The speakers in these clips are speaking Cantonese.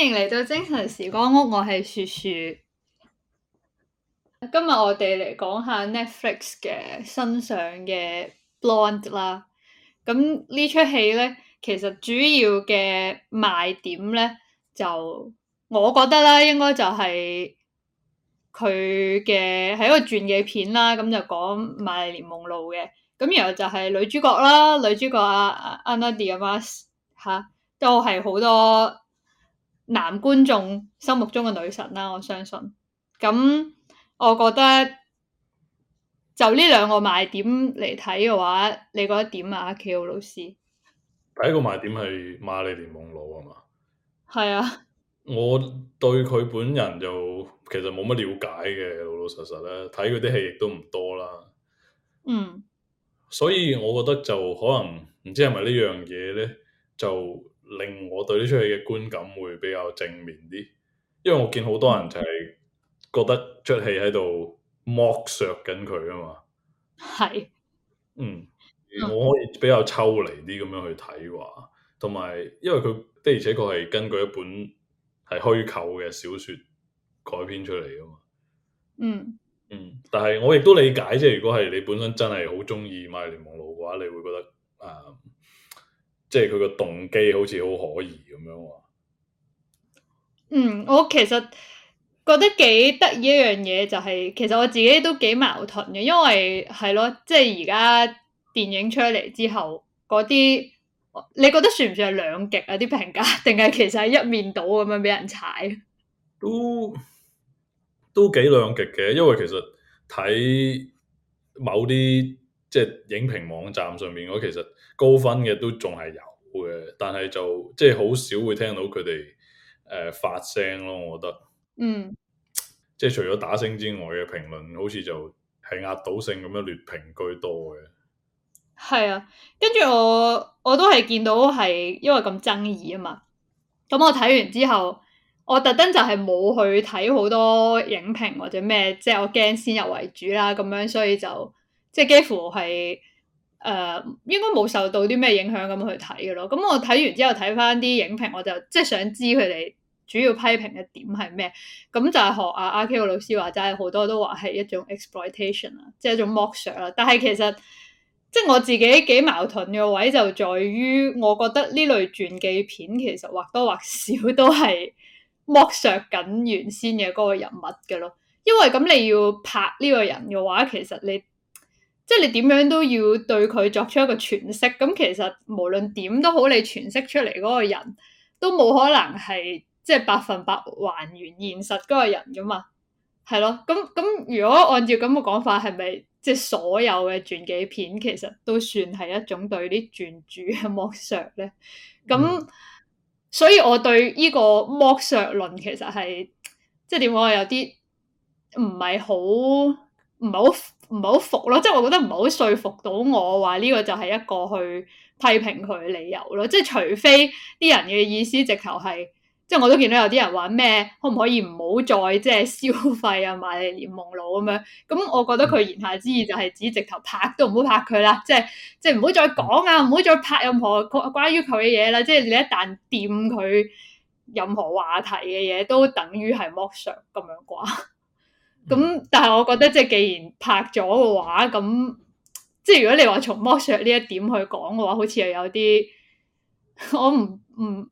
歡迎嚟到精神時光屋，我係雪雪。今日我哋嚟講下 Netflix 嘅新上嘅 Blonde 啦。咁呢出戲咧，其實主要嘅賣點咧，就我覺得啦，應該就係佢嘅係一個傳記片啦，咁就講瑪麗蓮夢露嘅。咁然後就係女主角啦，女主角啊 Ana De Armas 吓，都係好多。男觀眾心目中嘅女神啦，啊，我相信。咁我覺得就呢兩個賣點嚟睇嘅話，你覺得點啊？阿 Ko 老師，第一個賣點係瑪麗蓮夢露啊嘛？係啊，我對佢本人就其實冇乜了解嘅，老老實實咧，睇佢啲戲亦都唔多啦。嗯，所以我覺得就可能唔知係咪呢樣嘢咧就。令我對呢出戲嘅觀感會比較正面啲，因為我見好多人就係覺得出戲喺度剝削緊佢啊嘛。係是，嗯，我可以比較抽離啲咁樣去睇話，同埋因為佢的而且確係根據一本係虛構嘅小說改編出嚟啊嘛。嗯，嗯，但係我亦都理解，即係如果係你本身真係好中意《瑪麗蓮夢露》嘅話，你會覺得誒。呃即係佢個動機好似好可疑咁樣喎。嗯，我其實覺得幾得意一樣嘢，就係，就係其實我自己都幾矛盾嘅，因為係咯，即係而家電影出嚟之後，嗰啲你覺得算唔算係兩極啊？啲評價定係其實係一面倒咁樣俾人踩？都都幾兩極嘅，因為其實睇某啲。即係影評網站上面，我其實高分嘅都仲係有嘅，但係就即係好少會聽到佢哋誒發聲咯。我覺得，嗯，即係除咗打聲之外嘅評論，好似就係壓倒性咁樣劣評居多嘅。係啊，跟住我我都係見到係因為咁爭議啊嘛。咁我睇完之後，我特登就係冇去睇好多影評或者咩，即係我驚先入為主啦咁樣，所以就。即係幾乎係誒、呃，應該冇受到啲咩影響咁去睇嘅咯。咁、嗯、我睇完之後睇翻啲影評，我就即係想知佢哋主要批評嘅點係咩。咁就係學阿阿 K 個老師話齋，好多都話係一種 exploitation 啦、er,，即係一種剝削啦。但係其實即係我自己幾矛盾嘅位就在於，我覺得呢類傳記片其實或多或少都係剝削緊原先嘅嗰個人物嘅咯。因為咁你要拍呢個人嘅話，其實你。即係你點樣都要對佢作出一個詮釋，咁其實無論點都好，你詮釋出嚟嗰個人都冇可能係即係百分百還原現實嗰個人噶嘛，係咯？咁咁如果按照咁嘅講法，係咪即係所有嘅傳記片其實都算係一種對啲傳主嘅剝削咧？咁、嗯、所以我對呢個剝削論其實係即係點講？我有啲唔係好唔係好。唔好服咯，即係我覺得唔好說服到我話呢個就係一個去批評佢嘅理由咯。即係除非啲人嘅意思直頭係，即係我都見到有啲人話咩，可唔可以唔好再即係消費啊，瑪麗蓮夢露咁樣。咁、嗯、我覺得佢言下之意就係指直頭拍都唔好拍佢啦，即係即係唔好再講啊，唔好再拍任何關關於佢嘅嘢啦。即係你一旦掂佢任何話題嘅嘢，都等於係剝削咁樣啩。咁，嗯、但係我覺得即係既然拍咗嘅話，咁即係如果你話從剝削呢一點去講嘅話，好似又有啲我唔唔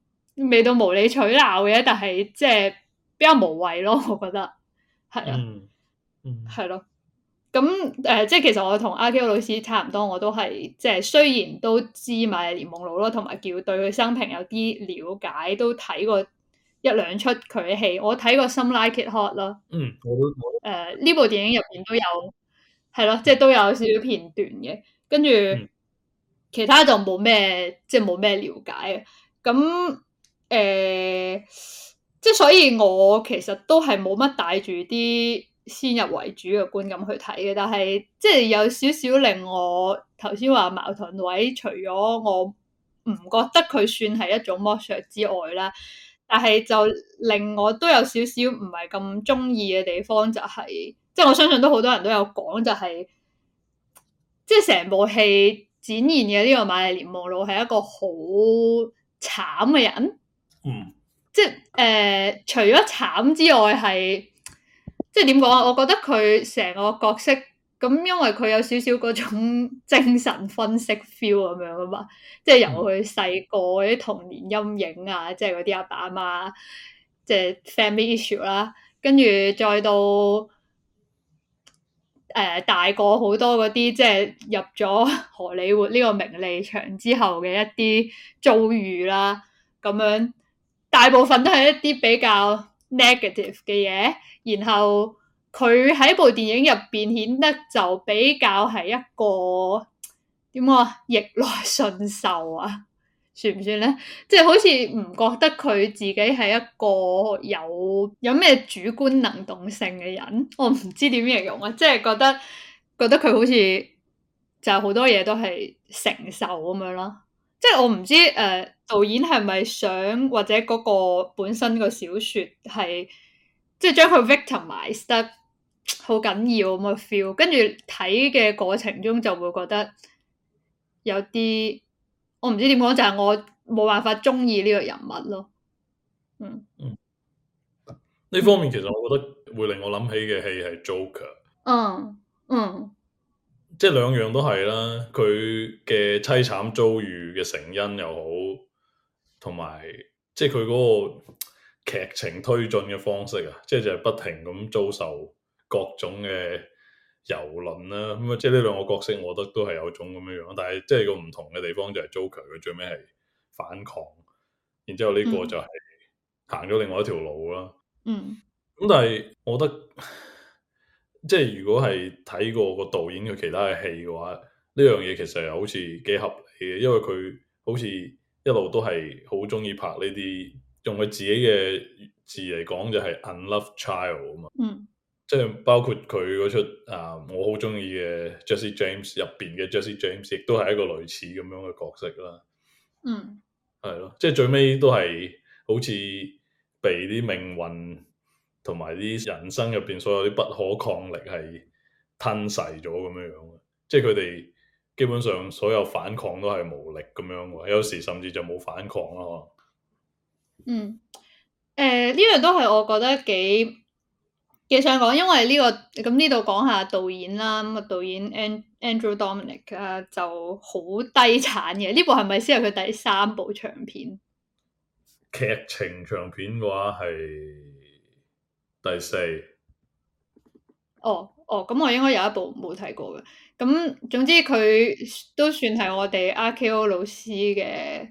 未到無理取鬧嘅，但係即係比較無謂咯。我覺得係啊，係咯、嗯。咁、嗯、誒、啊呃，即係其實我同 R.K.O 老師差唔多，我都係即係雖然都知瑪麗蓮夢露咯，同埋叫對佢生平有啲了解，都睇過。一兩出佢嘅戲，我睇過《Some Like It Hot》咯。嗯，我呢、呃、部電影入邊都有係咯，即係都有少少片段嘅。跟住其他就冇咩，即係冇咩了解。咁、嗯、誒、呃，即係所以我其實都係冇乜帶住啲先入為主嘅觀感去睇嘅。但係即係有少少令我頭先話矛盾位，除咗我唔覺得佢算係一種剝削之外啦。但係就令我都有少少唔係咁中意嘅地方，就係即係我相信都好多人都有講，就係即係成部戲展現嘅呢個瑪麗蓮夢露係一個好慘嘅人，嗯，即係誒除咗慘之外，係即係點講啊？我覺得佢成個角色。咁因為佢有少少嗰種精神分析 feel 咁樣啊嘛，即係由佢細個啲童年陰影啊，即係嗰啲阿爸阿媽，即係 family issue 啦，跟住再到誒大個好多嗰啲，即係入咗荷里活呢個名利場之後嘅一啲遭遇啦，咁樣大部分都係一啲比較 negative 嘅嘢，然後。佢喺部電影入邊顯得就比較係一個點講，逆來順受啊，算唔算咧？即係好似唔覺得佢自己係一個有有咩主觀能動性嘅人，我唔知點形容啊！即係覺得覺得佢好似就好多嘢都係承受咁樣咯。即係我唔知誒、呃，導演係咪想或者嗰個本身個小說係？即係將佢 victimize 得好緊要咁嘅 feel，跟住睇嘅過程中就會覺得有啲我唔知點講，就係、是、我冇辦法中意呢個人物咯。嗯嗯，呢方面其實我覺得會令我諗起嘅戲係 Joker。嗯。嗯嗯，即係兩樣都係啦，佢嘅淒慘遭遇嘅成因又好，同埋即係佢嗰個。劇情推進嘅方式啊，即係就係不停咁遭受各種嘅遊輪啦，咁啊，即係呢兩個角色，我覺得都係有種咁樣樣，但係即係個唔同嘅地方就係 Joker 佢最尾係反抗，然之後呢個就係行咗另外一條路啦、啊。嗯，咁但係我覺得，即係如果係睇過個導演嘅其他嘅戲嘅話，呢樣嘢其實又好似幾合理嘅，因為佢好似一路都係好中意拍呢啲。用佢自己嘅字嚟講就係 unloved child 啊嘛，嗯，即係包括佢嗰出啊，我好中意嘅 Jesse James 入邊嘅 Jesse James 亦都係一個類似咁樣嘅角色啦，嗯，係咯，即係最尾都係好似被啲命運同埋啲人生入邊所有啲不可抗力係吞噬咗咁樣樣嘅，即係佢哋基本上所有反抗都係無力咁樣嘅，有時甚至就冇反抗啦、啊。嗯，誒、呃，呢樣都係我覺得幾幾想講，因為呢、這個咁呢度講下導演啦，咁、嗯、啊導演 Ang Andrew Dominic 啊就好低產嘅，呢部係咪先係佢第三部長片？劇情長片嘅話係第四。哦，哦，咁、嗯、我應該有一部冇睇過嘅，咁、嗯、總之佢都算係我哋阿 Ko 老師嘅。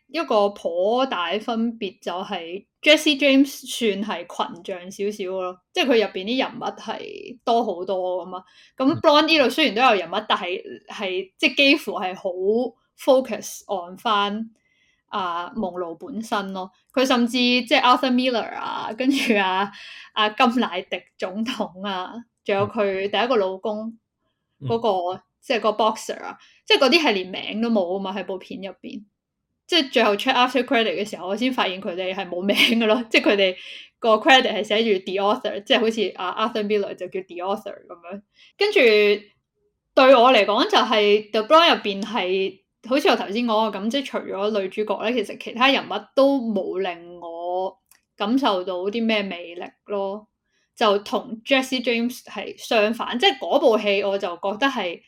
一個頗大分別就係 Jesse James 算係群像少少咯，即係佢入邊啲人物係多好多啊嘛。咁 Blonde 呢度雖然都有人物，但係係即係幾乎係好 focus on 翻啊夢露本身咯。佢甚至即係 Arthur Miller 啊，跟住啊啊甘迺迪總統啊，仲有佢第一個老公嗰、嗰個、嗯、即係個 boxer 啊，即係嗰啲係連名都冇啊嘛，喺部片入邊。即係最後 check up 啲 credit 嘅時候，我先發現佢哋係冇名嘅咯。即係佢哋個 credit 係寫住 the author，即係好似阿 Arthur Miller 就叫 the author 咁樣。跟住對我嚟講，就係 The Blonde 入邊係好似我頭先講嘅咁，即係除咗女主角咧，其實其他人物都冇令我感受到啲咩魅力咯。就同 Jesse James 係相反，即係嗰部戲我就覺得係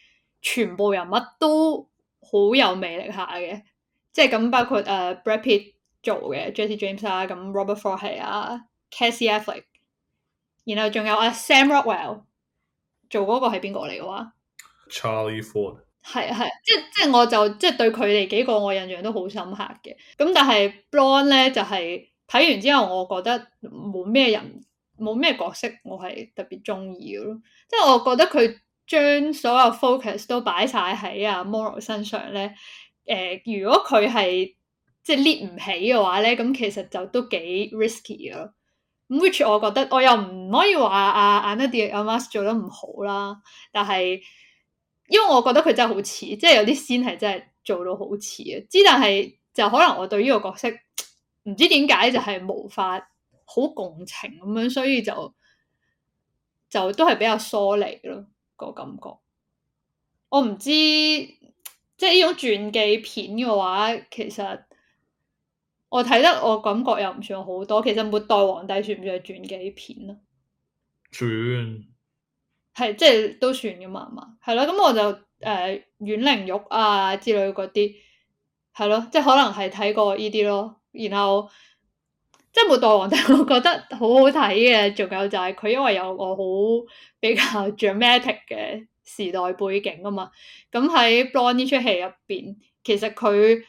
全部人物都好有魅力下嘅。即係咁，包括誒、uh, Brad Pitt 做嘅 Jesse James 啊，咁 Robert Ford 係、uh, 啊，Casey Affleck，然後仲有啊、uh, Sam Rockwell 做嗰個係邊個嚟嘅話？Charlie Ford 係啊，係即即我就即對佢哋幾個我印象都好深刻嘅。咁但係 Blonde 咧就係、是、睇完之後，我覺得冇咩人，冇咩角色我係特別中意嘅咯。即我覺得佢將所有 focus 都擺晒喺啊 Monroe 身上咧。誒，如果佢係即係 lead 唔起嘅話咧，咁其實就都幾 risky 咯。咁 which 我覺得我又唔可以話阿阿 Ana De Armas 做得唔好啦，但係因為我覺得佢真係好似，即係有啲 scene 係真係做到好似啊。之但係就可能我對呢個角色唔知點解就係無法好共情咁樣，所以就就都係比較疏離咯、個感覺。我唔知。即係呢種傳記片嘅話，其實我睇得我感覺又唔算好多。其實《末代皇帝》算算全算唔算係傳記片啊？算，係即係都算嘅嘛嘛。係咯，咁我就誒阮玲玉啊之類嗰啲，係咯，即係可能係睇過依啲咯。然後即係《末代皇帝》，我覺得好好睇嘅。仲有就係佢因為有個好比較 dramatic 嘅。時代背景啊嘛，咁喺《Blonde》呢出戲入邊，其實佢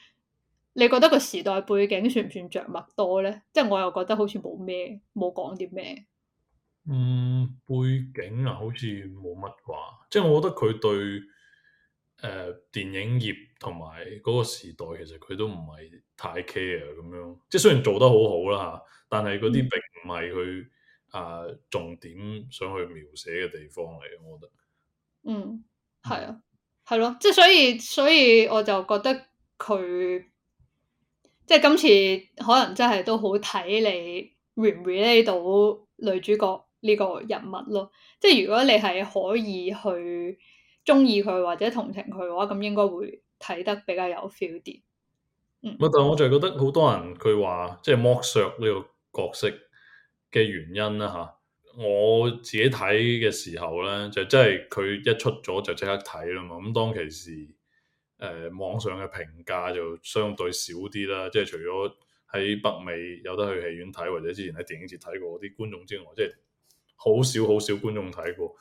你覺得個時代背景算唔算着墨多咧？即係我又覺得好似冇咩，冇講啲咩。嗯，背景啊，好似冇乜啩，即係我覺得佢對誒、呃、電影業同埋嗰個時代，其實佢都唔係太 care 咁樣。即係雖然做得好好啦，但係嗰啲並唔係佢啊重點想去描寫嘅地方嚟，我覺得。嗯，係啊，係咯、嗯，即係、啊、所以，所以我就覺得佢即係今次可能真係都好睇你 relate 到女主角呢個人物咯。即係如果你係可以去中意佢或者同情佢嘅話，咁應該會睇得比較有 feel 啲。嗯，但係我就覺得好多人佢話即係剝削呢個角色嘅原因啦，吓、啊。我自己睇嘅時候咧，就真係佢一出咗就即刻睇啦嘛。咁當其時，誒網上嘅評價就相對少啲啦。即係除咗喺北美有得去戲院睇，或者之前喺電影節睇過啲觀眾之外，即係好少好少觀眾睇過。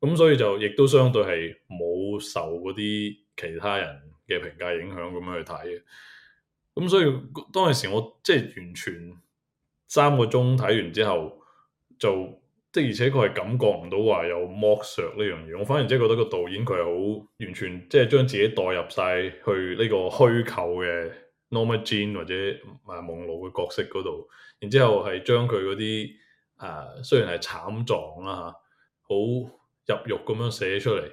咁所以就亦都相對係冇受嗰啲其他人嘅評價影響咁樣去睇嘅。咁所以當其時我即係完全三個鐘睇完之後就。即而且佢係感覺唔到話有剝削呢樣嘢，我反而即係覺得個導演佢係好完全即係將自己代入晒去呢個虛構嘅 Norma Jean 或者啊夢露嘅角色嗰度，然之後係將佢嗰啲啊雖然係慘狀啦嚇，好、啊、入獄咁樣寫出嚟，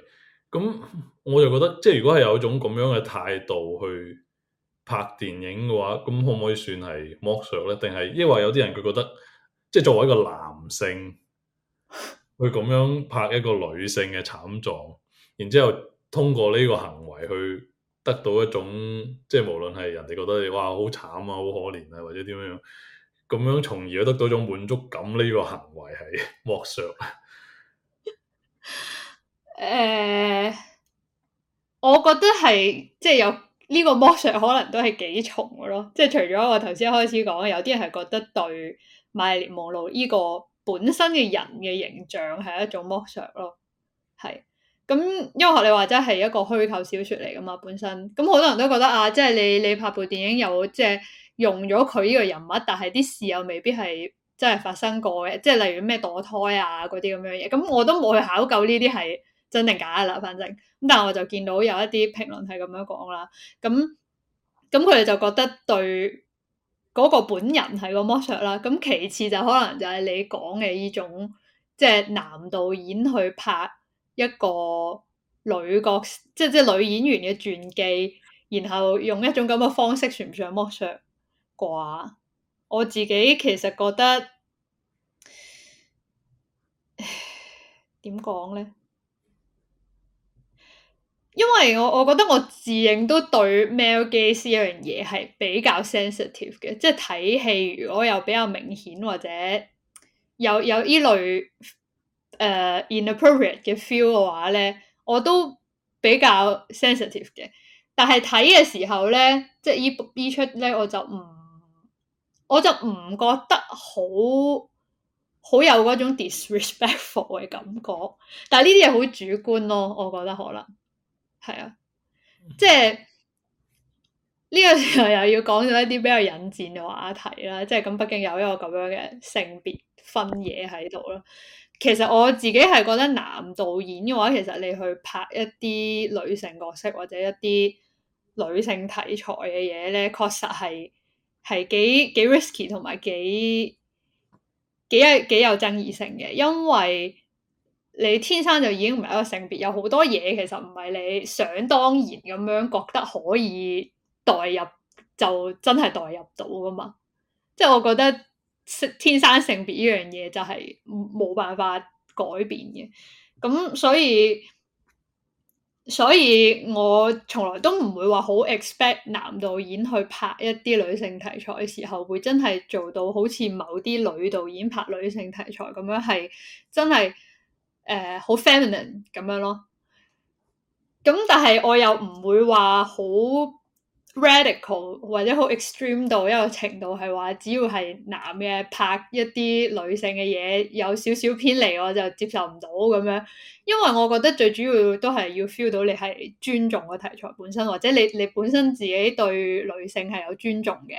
咁我就覺得即係如果係有一種咁樣嘅態度去拍電影嘅話，咁可唔可以算係剝削咧？定係因為有啲人佢覺得即係、就是、作為一個男性。去咁樣拍一個女性嘅慘狀，然之後通過呢個行為去得到一種，即係無論係人哋覺得你哇好慘啊，好可憐啊，或者點樣樣，咁樣從而得到一種滿足感，呢個行為係剝削。誒、呃，我覺得係即係有呢個剝削，可能都係幾重嘅咯。即、就、係、是、除咗我頭先開始講，有啲人係覺得對瑪麗蓮夢露呢、這個。本身嘅人嘅形象係一種剝削咯，係咁，因為學你話齋係一個虛構小説嚟噶嘛，本身咁好多人都覺得啊，即係你你拍部電影有即係用咗佢呢個人物，但係啲事又未必係真係發生過嘅，即係例如咩墮胎啊嗰啲咁樣嘢，咁我都冇去考究呢啲係真定假啦，反正咁，但係我就見到有一啲評論係咁樣講啦，咁咁佢哋就覺得對。嗰個本人係個剝削啦，咁其次就可能就係你講嘅呢種，即係男導演去拍一個女角，即即女演員嘅傳記，然後用一種咁嘅方式算唔算剝削啩。我自己其實覺得唉，點講咧？因為我我覺得我自認都對 male gaze 一樣嘢係比較 sensitive 嘅，即係睇戲如果又比較明顯或者有有依類誒 inappropriate 嘅 feel 嘅話咧，我都比較 sensitive 嘅。但係睇嘅時候咧，即係依依出咧，我就唔我就唔覺得好好有嗰種 disrespectful 嘅感覺。但係呢啲嘢好主觀咯，我覺得可能。係啊，即係呢、這個時候又要講咗一啲比較引戰嘅話題啦，即係咁畢竟有一個咁樣嘅性別分野喺度咯。其實我自己係覺得男導演嘅話，其實你去拍一啲女性角色或者一啲女性題材嘅嘢咧，確實係係幾幾 risky 同埋幾幾係幾有爭議性嘅，因為。你天生就已經唔係一個性別，有好多嘢其實唔係你想當然咁樣覺得可以代入，就真係代入到噶嘛。即係我覺得天生性別呢樣嘢就係冇辦法改變嘅。咁所以，所以我從來都唔會話好 expect 男導演去拍一啲女性題材嘅時候，會真係做到好似某啲女導演拍女性題材咁樣係真係。誒好、uh, feminine 咁樣咯，咁但係我又唔會話好 radical 或者好 extreme 到一個程度係話，只要係男嘅拍一啲女性嘅嘢，有少少偏離我就接受唔到咁樣。因為我覺得最主要都係要 feel 到你係尊重個題材本身，或者你你本身自己對女性係有尊重嘅。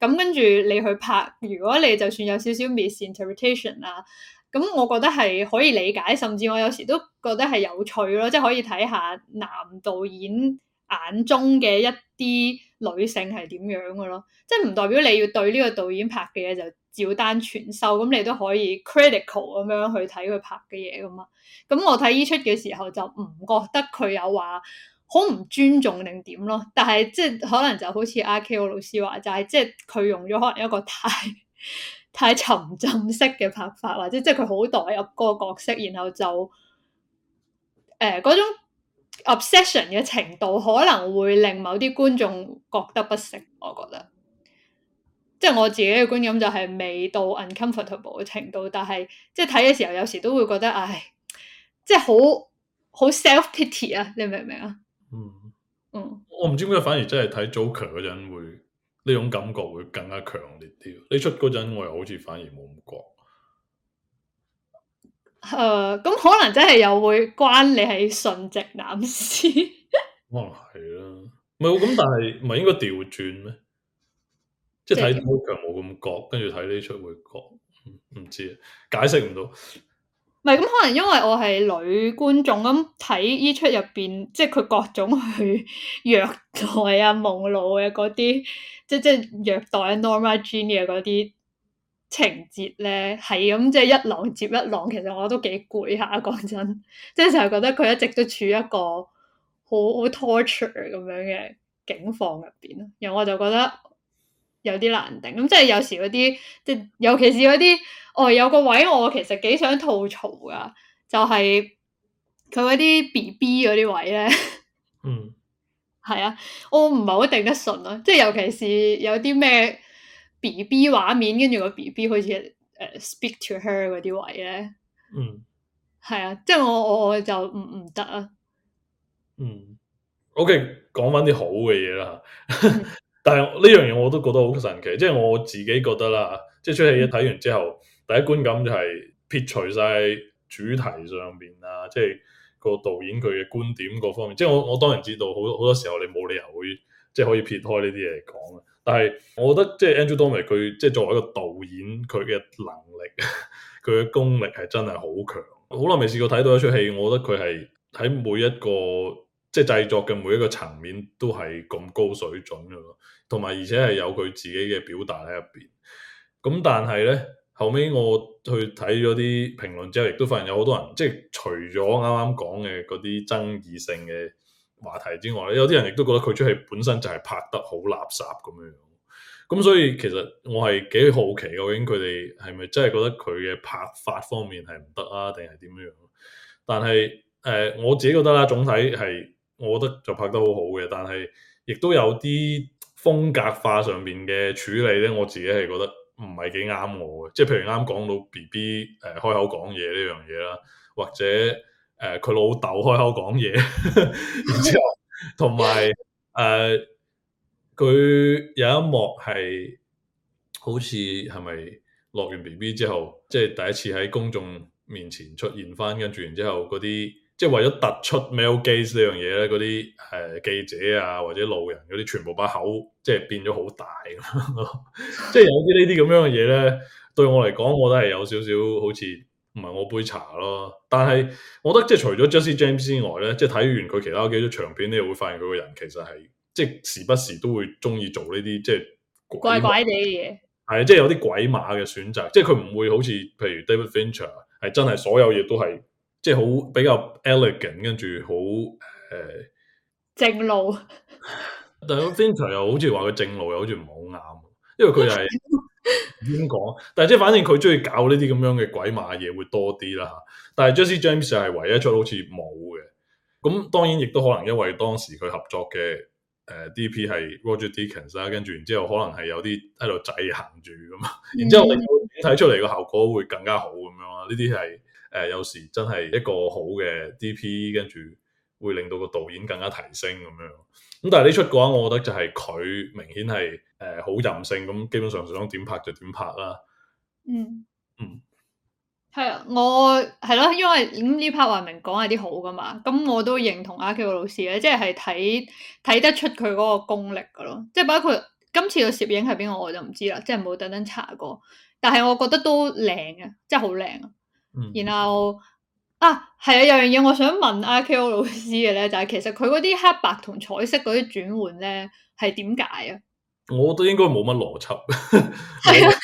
咁跟住你去拍，如果你就算有少少 misinterpretation 啊～咁、嗯、我覺得係可以理解，甚至我有時都覺得係有趣咯，即係可以睇下男導演眼中嘅一啲女性係點樣嘅咯。即係唔代表你要對呢個導演拍嘅嘢就照單全收，咁、嗯、你都可以 critical 咁樣去睇佢拍嘅嘢噶嘛。咁、嗯、我睇呢出嘅時候就唔覺得佢有話好唔尊重定點咯。但係即係可能就好似阿 K O 老師話，就係、是、即係佢用咗可能一個太太沉浸式嘅拍法，或者即係佢好代入個角色，然後就誒嗰、呃、種 obsession 嘅程度，可能會令某啲觀眾覺得不適，我覺得，即係我自己嘅觀感就係未到 uncomfortable 嘅程度，但係即係睇嘅時候有時都會覺得，唉，即係好好 self pity 啊！你明唔明啊？嗯嗯，嗯，我唔知點解反而真係睇 Zoey 嗰呢種感覺會更加強烈啲，呢出嗰陣我又好似反而冇咁覺。誒、呃，咁可能真係又會關你係純直男事？ 可能係啦。唔係，咁但係唔係應該調轉咩？即係睇《古劍》冇咁覺，跟住睇呢出會覺，唔知啊，知解釋唔到。.係咁，可能因為我係女觀眾，咁睇依出入邊，即係佢各種去虐待啊、夢露嘅嗰啲，即係即係虐待啊 Norma Jeane 嗰啲情節咧，係咁即係一浪接一浪，其實我都幾攰下講真，即係成日覺得佢一直都處於一個好好 torture 咁樣嘅境況入邊咯，然後我就覺得。有啲難頂，咁即係有時嗰啲，即係尤其是嗰啲，哦，有個位我其實幾想吐槽㗎，就係佢嗰啲 B B 嗰啲位咧，嗯，係 啊，我唔係好頂得順咯，即係尤其是有啲咩 B B 畫面，跟住個 B B 好似誒 Speak to her 嗰啲位咧，嗯，係啊，即係我我我就唔唔得啊，嗯，OK，講返啲好嘅嘢啦。 嗯但係呢樣嘢我都覺得好神奇，即係我自己覺得啦，即係出戲一睇完之後，第一觀感就係撇除晒主題上面啦，即係個導演佢嘅觀點各方面。即係我我當然知道好，好多好多時候你冇理由會即係可以撇開呢啲嘢嚟講嘅。但係我覺得即係 Andrew Dominik 佢即係作為一個導演，佢嘅能力、佢嘅功力係真係好強。好耐未試過睇到一出戲，我覺得佢係喺每一個即係製作嘅每一個層面都係咁高水準嘅咯。同埋而且係有佢自己嘅表達喺入邊，咁但係咧後尾我去睇咗啲評論之後，亦都發現有好多人即係除咗啱啱講嘅嗰啲爭議性嘅話題之外，有啲人亦都覺得佢出戲本身就係拍得好垃圾咁樣樣。咁所以其實我係幾好奇究竟佢哋係咪真係覺得佢嘅拍法方面係唔得啊，定係點樣樣？但係誒、呃，我自己覺得啦，總體係我覺得就拍得好好嘅，但係亦都有啲風格化上面嘅處理咧，我自己係覺得唔係幾啱我嘅。即係譬如啱啱講到 B B 誒開口講嘢呢樣嘢啦，或者誒佢、呃、老豆開口講嘢， 然之後同埋誒佢有一幕係好似係咪落完 B B 之後，即係第一次喺公眾面前出現翻，跟住然之後嗰啲。即係為咗突出 male gaze 呢樣嘢咧，嗰啲誒記者啊，或者路人嗰啲，全部把口即係變咗好大。 即係有啲呢啲咁樣嘅嘢咧，對我嚟講，我都係有少少好似唔係我杯茶咯。但係我覺得即係除咗 Jesse James 之外咧，即係睇完佢其他幾出長片，你會發現佢個人其實係即係時不時都會中意做呢啲即係怪怪地嘅嘢。係啊，即係有啲鬼馬嘅選擇，即係佢唔會好似譬如 David Fincher 係真係所有嘢都係。即係好比較 elegant，跟住好誒、呃、正路。但係 f i n t r 又好似話佢正路又好似唔好啱，因為佢係點講？但係即係反正佢中意搞呢啲咁樣嘅鬼馬嘢會多啲啦吓。但係 Jesse James 係唯一出好似冇嘅。咁當然亦都可能因為當時佢合作嘅誒 D P 係 Roger Deakins 啦，跟、呃、住、啊、然之後可能係有啲喺度制衡住咁嘛。然之後睇出嚟嘅效果會更加好咁樣啊。呢啲係。誒、呃，有時真係一個好嘅 D.P. 跟住會令到個導演更加提升咁樣。咁但係呢出嘅話，我覺得就係佢明顯係誒好任性，咁基本上想點拍就點拍啦。嗯嗯，係、嗯、啊，我係咯、啊，因為呢 part 話明講係啲好噶嘛咁我都認同阿 K 嘅老師咧，即係睇睇得出佢嗰個功力噶咯即、就、係、是、包括今次個攝影係邊個，我就唔知啦，即係冇特登查過。但係我覺得都靚啊，即係好靚啊！然後啊，係啊，有樣嘢我想問阿 Ko 老師嘅咧，就係其實佢嗰啲黑白同彩色嗰啲轉換咧，係點解啊？我都應該冇乜邏輯。係 啊，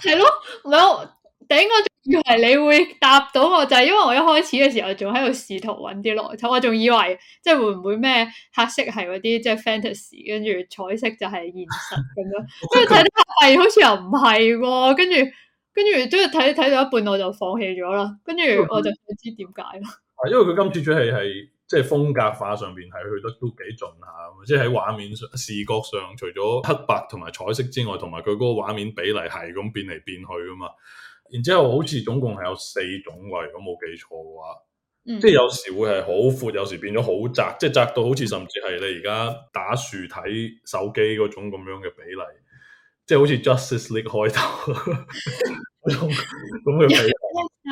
係咯， 唔係我頂我以為你會答到我，就係因為我一開始嘅時候仲喺度試圖揾啲邏輯，我仲以為即係會唔會咩黑色係嗰啲即係 fantasy，跟住彩色就係現實咁樣，跟住睇啲黑係好似又唔係，跟住。跟住，即係睇睇到一半，我就放棄咗啦。跟住，我就唔知點解啦。啊，因為佢今次出戲係即係風格化上邊係去得都幾盡下，即係喺畫面上、視覺上，除咗黑白同埋彩色之外，同埋佢嗰個畫面比例係咁變嚟變去㗎嘛。然之後好似總共係有四種位，如果冇記錯嘅話，嗯、即係有時會係好闊，有時變咗好窄，即係窄到好似甚至係你而家打豎睇手機嗰種咁樣嘅比例。即係好似 Justice League 開頭，咁佢係。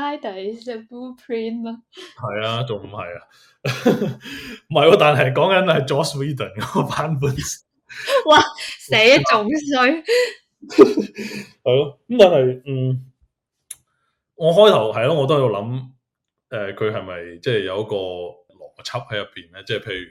I die the blueprint 嘛。係啊，仲唔係啊？唔係喎，但係講緊係 Joss Whedon 嗰個版本。 哇，寫仲衰。係咯， 咁但係，嗯，我開頭係咯，我都喺度諗，誒、呃，佢係咪即係有一個邏輯喺入邊咧？即、就、係、是、譬如，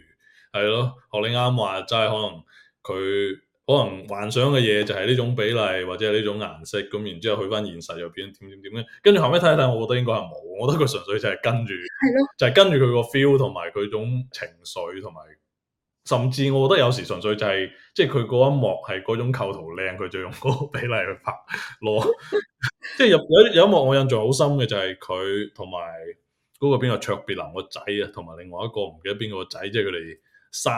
係咯，學你啱話，即係可能佢。可能幻想嘅嘢就係呢種比例或者係呢種顏色咁，然之後去翻現實又變點點點嘅，跟住後尾睇一睇，我覺得應該係冇，我覺得佢純粹就係跟住，的就係跟住佢個 feel 同埋佢種情緒同埋，甚至我覺得有時純粹就係、是，即係佢嗰一幕係嗰種構圖靚，佢就用嗰個比例去拍咯。 即係有有一幕我印象好深嘅就係佢同埋嗰個邊個卓別林個仔啊，同埋另外一個唔記得邊個個仔，即係佢哋。三，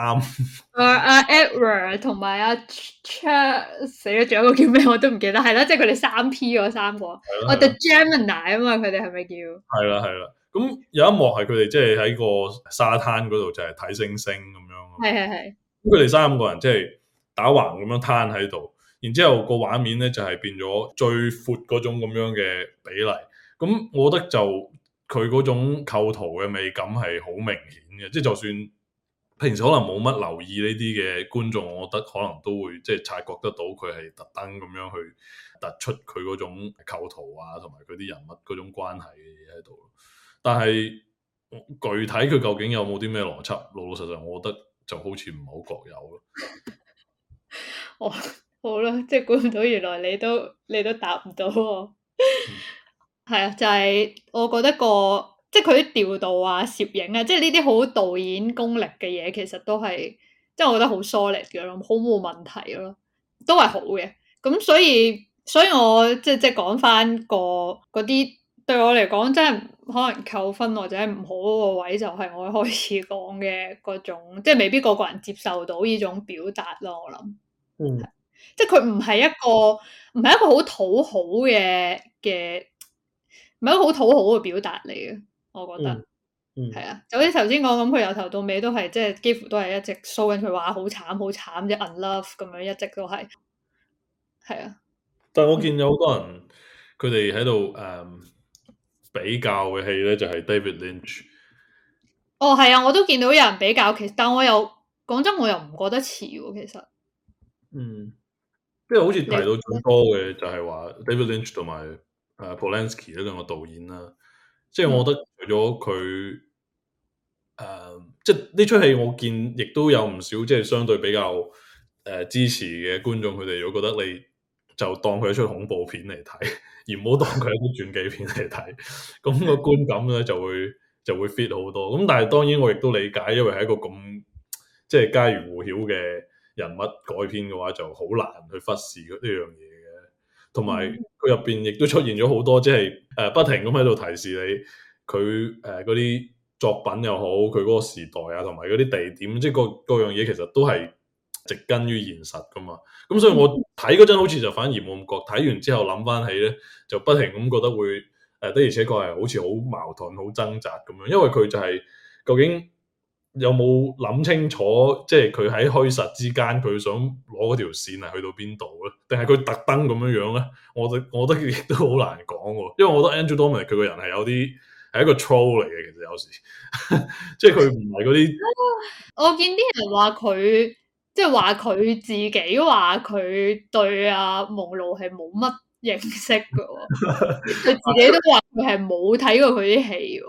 阿阿 Edward 同埋阿 Chad 死咗，仲有一個叫咩我都唔記得，係啦，即係佢哋三 P 嗰三個，我哋 Gemini 啊嘛，佢哋係咪叫？係啦係啦，咁有一幕係佢哋即係喺個沙灘嗰度就係睇星星咁樣，係係係。咁佢哋三個人即係打橫咁樣攤喺度，然之後，然後個畫面咧就係變咗最闊嗰種咁樣嘅比例。咁我覺得就佢嗰種構圖嘅美感係好明顯嘅，即係就算。平時可能冇乜留意呢啲嘅觀眾，我覺得可能都會即係、就是、察覺得到佢係特登咁樣去突出佢嗰種構圖啊，同埋佢啲人物嗰種關係嘅嘢喺度。但係具體佢究竟有冇啲咩邏輯，老老實實，我覺得就好似唔好國有咯。 哦，好啦，即係估唔到，原來你都你都答唔到我。係、 嗯、 啊，就係、是、我覺得個。即係佢啲調度啊、攝影啊，即係呢啲好導演功力嘅嘢，其實都係即係我覺得好 solid 嘅咯，好冇問題咯，都係好嘅。咁所以，所以我即係即係講翻個嗰啲對我嚟講，即係可能扣分或者唔好嗰個位，就係我開始講嘅嗰種，即係未必個個人接受到呢種表達咯。我諗，嗯，即係佢唔係一個唔係一個好討好嘅嘅，唔係一個好討好嘅表達嚟嘅。我覺得，係、嗯嗯、啊，就好似頭先講咁，佢由頭到尾都係，即係幾乎都係一直 show 緊佢話好慘好慘啫，unlove 咁樣一直都係，係啊。但係我見有好多人，佢哋喺度誒比較嘅戲咧，就係 David Lynch。哦，係啊，我都見到有人比較，其實但我又講真，我又唔覺得似喎，其實。嗯。跟住好似提到最多嘅就係話你 David Lynch 同埋誒、uh, Polanski 兩個導演啦，即係我覺得、嗯。除咗佢誒，即係呢出戲，我見亦都有唔少即係相對比較誒支持嘅觀眾，佢哋如果覺得你就當佢一出恐怖片嚟睇，而唔好當佢一出傳記片嚟睇，咁個觀感咧就會就會 fit 好多。咁但係當然我亦都理解，因為係一個咁即係家喻戶曉嘅人物改編嘅話，就好難去忽視呢樣嘢嘅。同埋佢入邊亦都出現咗好多即係誒，不停咁喺度提示你。佢誒嗰啲作品又好，佢嗰個時代啊，同埋嗰啲地點，即係個個樣嘢，其實都係植根於現實噶嘛。咁所以我睇嗰陣好似就反而冇咁覺，睇完之後諗翻起咧，就不停咁覺得會誒的、呃，而且確係好似好矛盾、好掙扎咁樣。因為佢就係、是、究竟有冇諗清楚，即係佢喺虛實之間，佢想攞嗰條線係去到邊度咧？定係佢特登咁樣樣咧？我我覺得亦都好難講喎、啊，因為我覺得 Andrew Dominic 佢個人係有啲。係一個 troll 嚟嘅，其實有時，即係佢唔係嗰啲。我見啲人話佢，即係話佢自己話佢對阿夢露係冇乜認識嘅，佢自己都話佢係冇睇過佢啲戲。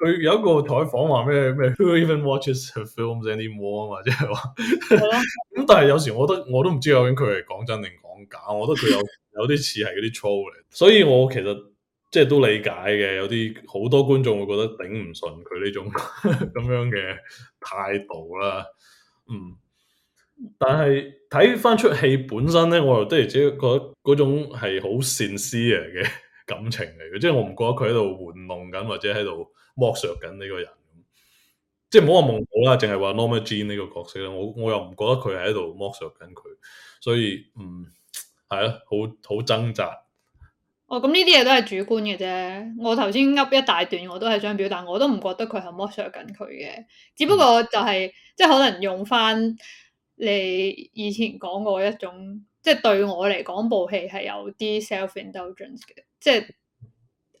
佢有一個採訪話咩咩，Who even watches her films anymore 啊？嘛，即係話。係咯。咁但係有時，我覺得我都唔知究竟佢係講真定講假。我覺得佢有有啲似係嗰啲 troll 嚟。所以我其實。即係都理解嘅，有啲好多觀眾會覺得頂唔順佢呢種咁 樣嘅態度啦。嗯，但係睇翻出戲本身咧，我又的而且確嗰種係好 sincere 嘅感情嚟嘅，即係我唔覺得佢喺度玩弄緊或者喺度剝削緊呢個人。即係唔好話夢露啦，淨係話 Norma Jean 呢個角色咧，我我又唔覺得佢係喺度剝削緊佢，所以嗯係咯，好好掙扎。哦，咁呢啲嘢都係主觀嘅啫。我頭先噏一大段，我都係想表達，我都唔覺得佢係剝削緊佢嘅，只不過就係、是嗯、即係可能用翻你以前講過一種，即係對我嚟講部戲係有啲 self indulgence 嘅，即係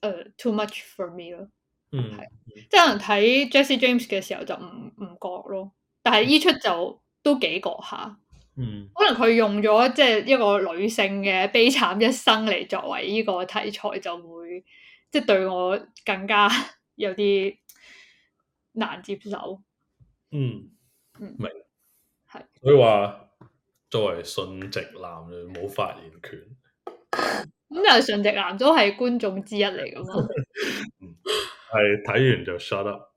誒、uh, too much for me 咯。嗯，即係可能睇 Jesse James 嘅時候就唔唔覺咯，但係依出就都幾過下。嗯，可能佢用咗即係一個女性嘅悲慘一生嚟作為呢個題材，就會即係、就是、對我更加有啲難接受。嗯，嗯明係白，是所以話作為順直男冇發言權。咁但係順直男都係觀眾之一嚟噶嘛？係 睇 完就 shut up。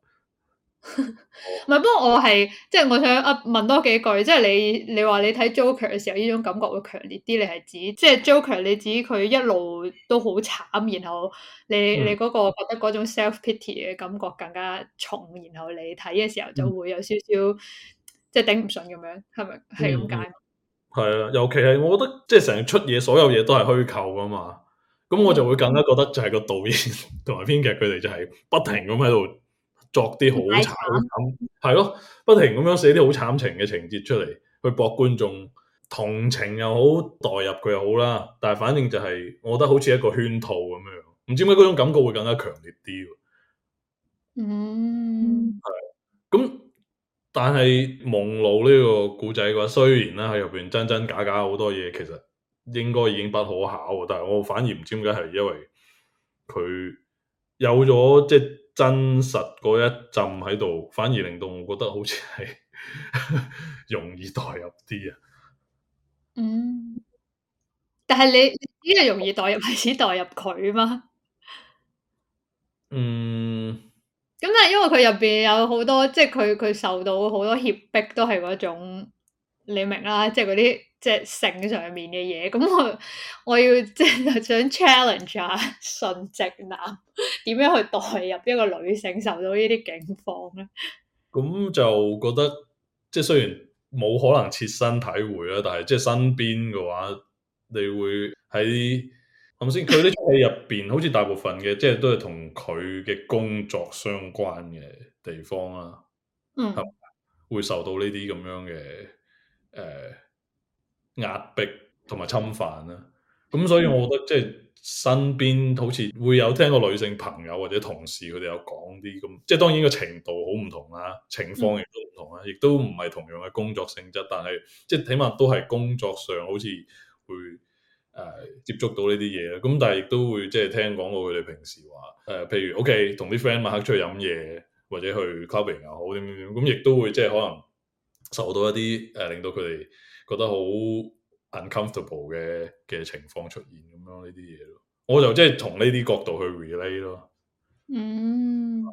唔係， 不過我係即係我想問多幾句，即係你你話你睇 Joker 嘅時候，呢種感覺會強烈啲，你係指即係 Joker，你指佢一路都好慘，然後你你嗰個覺得嗰種 self pity 嘅感覺更加重，然後你睇嘅時候就會有少少即係頂唔順咁樣，係咪係咁解？係啊，尤其係我覺得即係成出嘢，所有嘢都係虛構噶嘛，咁我就會更加覺得就係個導演同埋編劇佢哋就係不停咁喺度。作啲好慘，係咯，不停咁樣寫啲好慘情嘅情節出嚟，去博觀眾同情又好，代入佢又好啦。但係反正就係、是，我覺得好似一個圈套咁樣。唔知點解嗰種感覺會更加強烈啲。嗯，係。咁但係《夢露》呢個古仔嘅話，雖然咧喺入邊真真假假好多嘢，其實應該已經不可考。但係我反而唔知點解係因為佢有咗即係。就是真實嗰一陣喺度，反而令到我覺得好似係 容易代入啲啊。嗯，但係你呢個容易代入係指代入佢嘛？嗯。咁但係，因為佢入邊有好多，即係佢佢受到好多脅迫都，都係嗰種你明啦，即係嗰啲。即係性上面嘅嘢，咁我我要即係想 challenge 下純直男，點樣去代入一個女性受到警方呢啲境況咧？咁就覺得即係雖然冇可能切身體會啦，但係即係身邊嘅話，你會喺咁先。佢啲出戲入邊，面 好似大部分嘅即係都係同佢嘅工作相關嘅地方啦。嗯是是，會受到呢啲咁樣嘅誒。呃壓迫同埋侵犯啦，咁所以我覺得即係身邊好似會有聽過女性朋友或者同事佢哋有講啲咁，即係當然個程度好唔同啦、啊，情況亦都唔同啦、啊，亦都唔係同樣嘅工作性質，但係即係起碼都係工作上好似會誒、呃、接觸到呢啲嘢啦，咁但係亦都會即係聽講過佢哋平時話誒、呃，譬如 OK 同啲 friend 晚黑出去飲嘢或者去 clubing 又好點點點，咁亦都會即係可能受到一啲誒、呃、令到佢哋覺得好 uncomfortable 嘅嘅情況出現咁樣呢啲嘢，我就即係從呢啲角度去 relate 咯。嗯，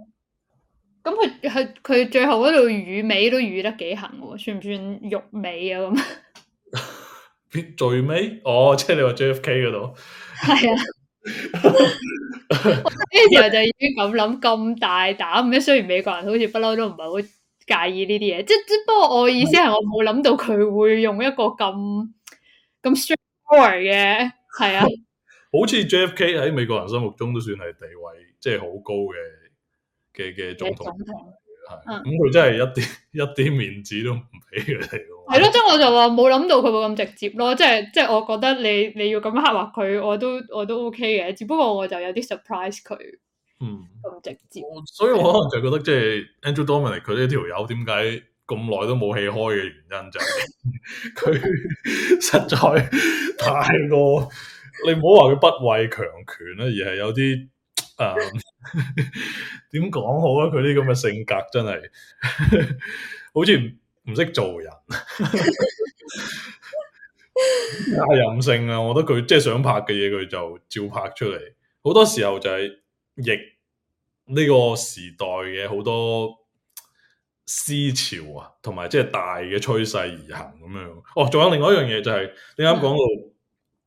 咁佢佢佢最後嗰度魚尾都魚得幾行喎，算唔算肉尾啊咁？ 最尾？哦、oh，即係你話 JFK 嗰度？係是啊， 我之前就已經咁諗，咁大膽，唔雖然美國人好似不嬲都唔係好。介意呢啲嘢，即即不過我意思係我冇諗到佢會用一個咁咁 straightforward 嘅係啊，the, 好似 JFK 喺美國人心目中都算係地位即係好高嘅嘅嘅總統，係咁佢真係一啲一啲面子都唔俾佢哋咯，係咯、嗯，即係我就話冇諗到佢會咁直接咯，即係即係我覺得你你要咁刻畫佢，我都我都 OK 嘅，只不過我就有啲 surprise 佢。嗯，咁直接，我所以我可能就係覺得即係 Andrew Dominik 佢呢條友點解咁耐都冇戲開嘅原因就係佢實在太過， 你唔好話佢不畏強權啦，而係有啲誒點講好啊？佢呢啲咁嘅性格真係 好似唔唔識做人，太 任 性啦，啊！我覺得佢即係想拍嘅嘢佢就照拍出嚟，好多時候就係亦。呢個時代嘅好多思潮啊，同埋即係大嘅趨勢而行咁樣。哦，仲有另外一樣嘢就係，是，你啱講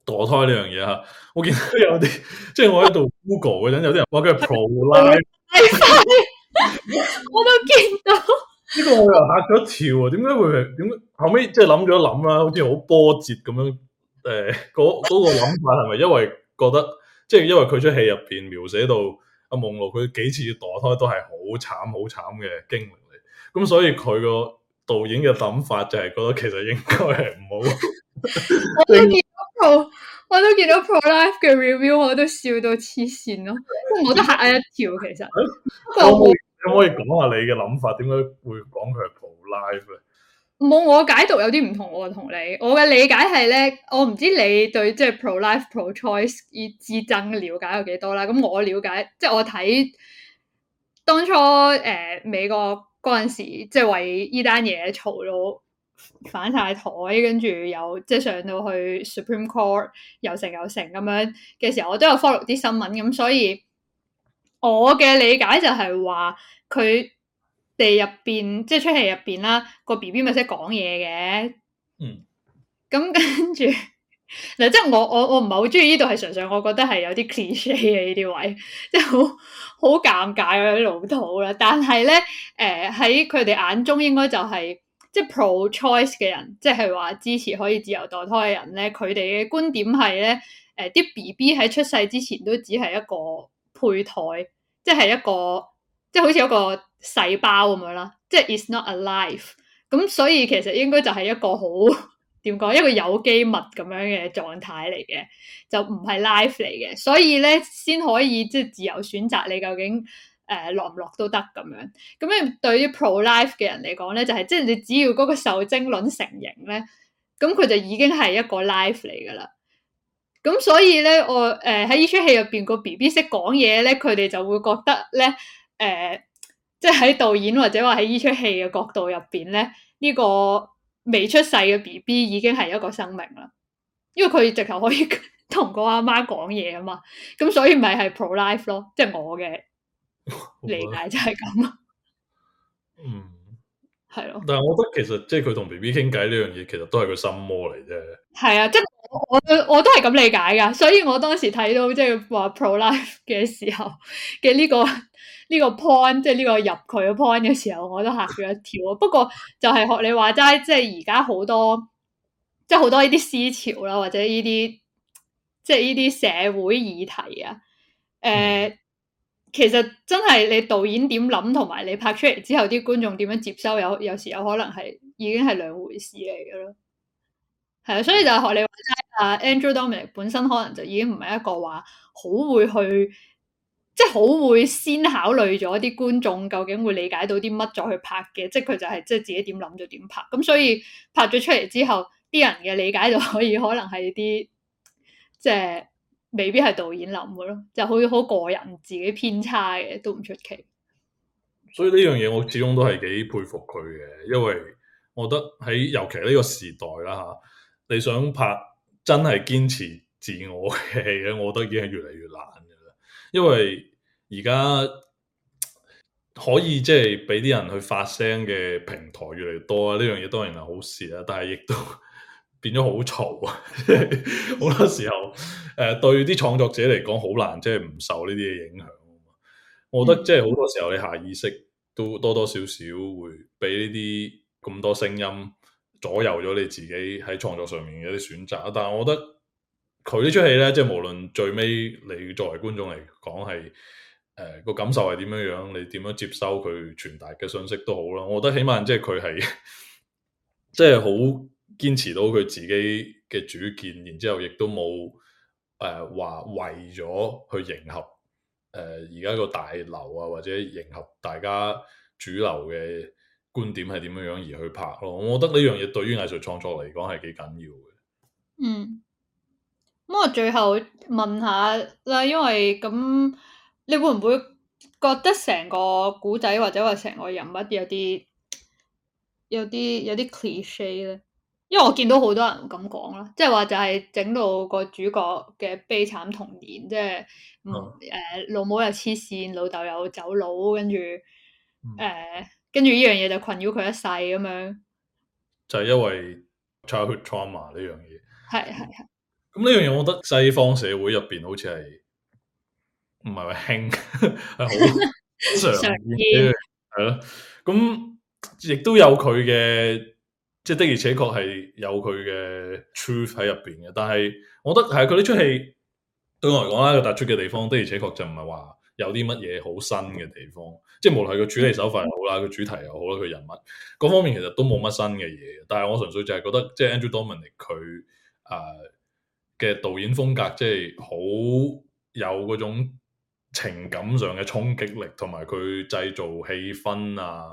到墮胎呢樣嘢嚇，我見到有啲即係我喺度 Google 嗰陣，有啲人話佢係 pro-life，我都見到。呢個我又吓咗一跳啊！點解會？點解後尾？即係諗咗一諗啦，好似好波折咁樣。誒、呃，嗰嗰，那個諗法係咪因為覺得即係，就是，因為佢出戲入邊描寫到？阿夢露佢幾次要墮胎都係好慘好慘嘅經歷嚟，咁所以佢個導演嘅諗法就係覺得其實應該係唔好。 我都見到 pro，我都見到 pro life 嘅 review，我都笑到黐線咯，我都嚇一跳。其實，可唔、啊、 可以講下你嘅諗法？點解會講佢係 pro life 咧？冇，我解讀有啲唔同，我同你，我嘅理解係咧，我唔知你對即係、就是、pro life pro choice 之爭嘅了解有幾多啦。咁我了解，即係我睇當初誒、呃、美國嗰陣時，即係為呢單嘢吵到反晒枱，跟住又即係上到去 Supreme Court 又成又成咁樣嘅時候，我都有 follow 啲新聞，咁所以我嘅理解就係話佢。地入邊，即係出戲入邊啦，個 B B 咪識講嘢嘅。嗯。咁、嗯、跟住嗱，即係我我我唔係好中意呢度，係純粹我覺得係有啲 cliche 嘅呢啲位，即係好好尷尬啊，有啲老土啦。但係咧，誒喺佢哋眼中應該就係、是、即係 pro choice 嘅人，即係話支持可以自由墮胎嘅人咧。佢哋嘅觀點係咧，誒啲 B B 喺出世之前都只係一個配胎，即係一個即係好似一個。細胞咁樣啦，即係 is not alive。咁所以其實應該就係一個好點講，一個有機物咁樣嘅狀態嚟嘅，就唔係 life 嚟嘅。所以咧，先可以即係自由選擇你究竟誒落唔落都得咁樣。咁咧，對於 pro life 嘅人嚟講咧，就係、是、即係你只要嗰個受精卵成形咧，咁佢就已經係一個 life 嚟㗎喇。咁所以咧，我誒喺、呃那個、呢出戲，入邊個 B B 識講嘢咧，佢哋就會覺得咧，誒、呃。即係喺導演或者話喺呢齣戲嘅角度入邊咧，呢個未出世嘅 B B 已經係一個生命啦，因為佢直頭可以同 個阿媽講嘢啊嘛，咁所以咪係 pro life 咯，即係我嘅理解就係咁咯。嗯，係 咯。但係我覺得其實即係佢同 B B 傾偈呢樣嘢，其實都係個心魔嚟啫。係啊，即。我，我都我都係咁理解噶，所以我當時睇到即係話 Pro Life 嘅時候嘅呢、這個呢、這個 point，即係呢個入佢嘅 point 嘅時候，我都嚇咗一跳啊！不過就係學你話齋，即係而家好多即係好多呢啲思潮啦，或者呢啲即係呢啲社會議題啊。誒、呃，其實真係你導演點諗，同埋你拍出嚟之後啲觀眾點樣接收，有有時有可能係已經係兩回事嚟嘅咯。係啊，所以就學你話齋啊，Andrew Dominik 本身可能就已經唔係一個話好會去，即係好會先考慮咗啲觀眾究竟會理解到啲乜再去拍嘅，即係佢就係即係自己點諗就點拍，咁所以拍咗出嚟，之後，啲人嘅理解就可以可能係啲即係未必係導演諗嘅咯，就好、是、好個人自己偏差嘅都唔出奇。所以呢樣嘢我始終都係幾佩服佢嘅，因為我覺得喺尤其呢個時代啦吓。你想拍真係堅持自我嘅戲咧，我覺得已經係越嚟越難嘅啦。因為而家可以即係俾啲人去發聲嘅平台越嚟越多啊，呢樣嘢當然係好事啦，但係亦都變咗好嘈啊！好 多時候，誒、呃、對啲創作者嚟講，好難即係唔受呢啲嘅影響。我覺得即係好多時候，你下意識都多多少少會俾呢啲咁多聲音。左右咗你自己喺創作上面嘅一啲選擇，但係我覺得佢呢出戲呢，即係無論最尾你作為觀眾嚟講，係誒個感受係點樣樣，你點樣接收佢傳達嘅信息都好啦。我覺得起碼即係佢係即係好堅持到佢自己嘅主見，然之後亦都冇誒話為咗去迎合誒而家個大流啊，或者迎合大家主流嘅。觀點係點樣樣而去拍咯，我覺得呢樣嘢對於藝術創作嚟講係幾緊要嘅。嗯，咁我最後問下啦，因爲咁你會唔會覺得成個古仔或者話成個人物有啲有啲有啲 cliche 咧？因爲我見到好多人咁講啦，即係話就係、是、整到個主角嘅悲慘童年，即係誒老母又黐線，老豆又走佬，跟住誒。呃嗯跟住呢樣嘢就困擾佢一世咁樣，就係因為 childhood trauma 呢樣嘢，係係係。咁呢樣嘢，我覺得西方社會入邊好似係唔係話興，係好 很常， 常見，係咯是的。咁 亦都有佢嘅，即、就、係、是、的而且確係有佢嘅 truth 喺入邊嘅。但係我覺得係佢呢出戲對我嚟講一有突出嘅地方的而且確就唔係話，有啲乜嘢好新嘅地方，即係無論係個處理手法又好啦，個主題又好啦，佢人物嗰方面其實都冇乜新嘅嘢，但係我純粹就係覺得即係 Andrew Dominic 佢誒嘅導演風格，即係好有嗰種情感上嘅衝擊力，同埋佢製造氣氛啊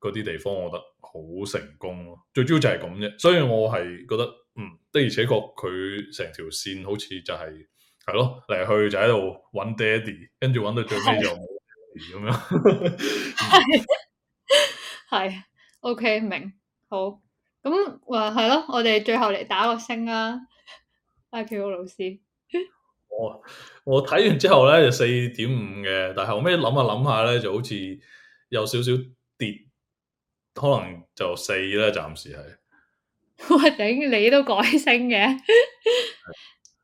嗰啲地方，我覺得好成功咯。最主要就係咁啫，所以我係覺得，嗯，的而且確佢成條線好似就係。係咯，嚟 去就喺度揾爹地，跟住揾到最尾就冇爹地咁樣。係，OK，明，好，咁話係咯，我哋最後嚟打個星啦，阿、哎、Q 老師。 我我睇完之後咧就四點五嘅，但係後尾諗下諗下咧就好似有少少跌，可能就四咧暫時係。我頂，你都改星嘅。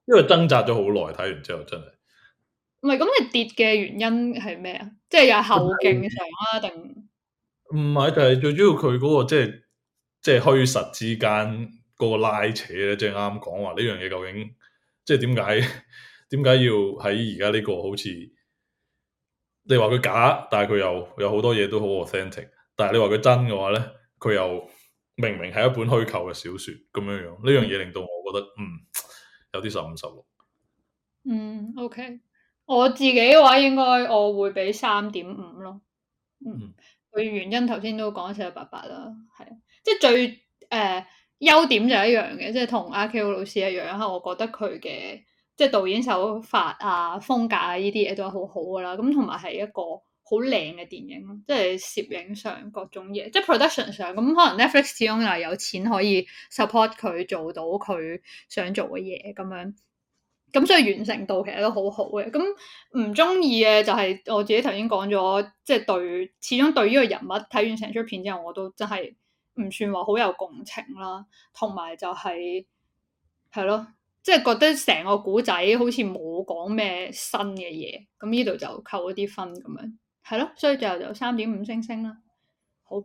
因為掙扎咗好耐，睇完之後真係唔係咁。你跌嘅原因係咩啊？即係有後勁上啦，定唔係？就係最主要佢嗰個即係即係虛實之間嗰個拉扯咧。即係啱啱講話呢樣嘢究竟即係點解？點解要喺而家呢個好似你話佢假，但係佢又有好多嘢都好 authentic。但係你話佢真嘅話咧，佢又明明係一本虛構嘅小說咁樣樣。呢樣嘢令到我覺得嗯。有啲十五十六，嗯、mm,，OK，我自己嘅話應該我會俾三點五咯，嗯，佢原因頭先都講四百八八啦，係，即係最誒優點就一樣嘅，即係同阿 Q 老師一樣，係我覺得佢嘅即係導演手法啊、風格啊呢啲嘢都係好好噶啦，咁同埋係一個。好靚嘅電影，即係攝影上各種嘢，即係 production 上咁，可能 Netflix 始終又係有錢可以 support 佢做到佢想做嘅嘢咁樣，咁所以完成度其實都好好嘅。咁唔中意嘅就係我自己頭先講咗，即係對始終對呢個人物睇完成出片之後，我都真係唔算話好有共情啦，同埋就係、是、係咯，即係覺得成個古仔好似冇講咩新嘅嘢，咁呢度就扣咗啲分咁樣。係咯，所以最後就三點五星星啦。好，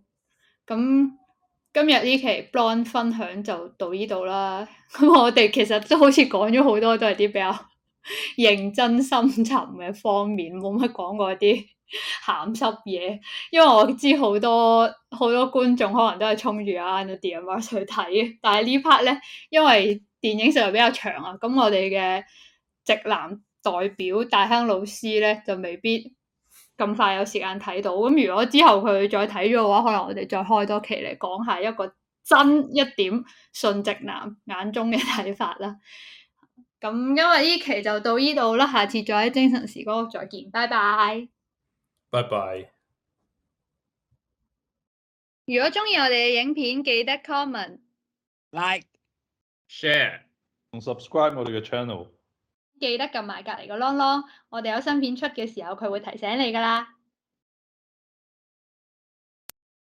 咁今日呢期 Blonde 分享就到呢度啦。咁我哋其實都好似講咗好多，都係啲比較認真深沉嘅方面，冇乜講過啲鹹濕嘢。因為我知好多好多觀眾可能都係衝住啊呢啲啊去睇，但係呢 part 咧，因為電影實在比較長啊，咁我哋嘅直男代表大亨老師咧就未必咁快有時間睇到，咁如果之後佢再睇咗嘅話，可能我哋再開多期嚟講下一個真一點信直男眼中嘅睇法啦。咁因為呢期就到呢度啦，下次再喺精神時光再見，拜拜。拜拜。如果鍾意我哋嘅影片，記得 comment、like share.、share 同 subscribe 我哋嘅 channel。記得撳埋隔籬個啷啷，我哋有新片出嘅時候，佢會提醒你噶啦。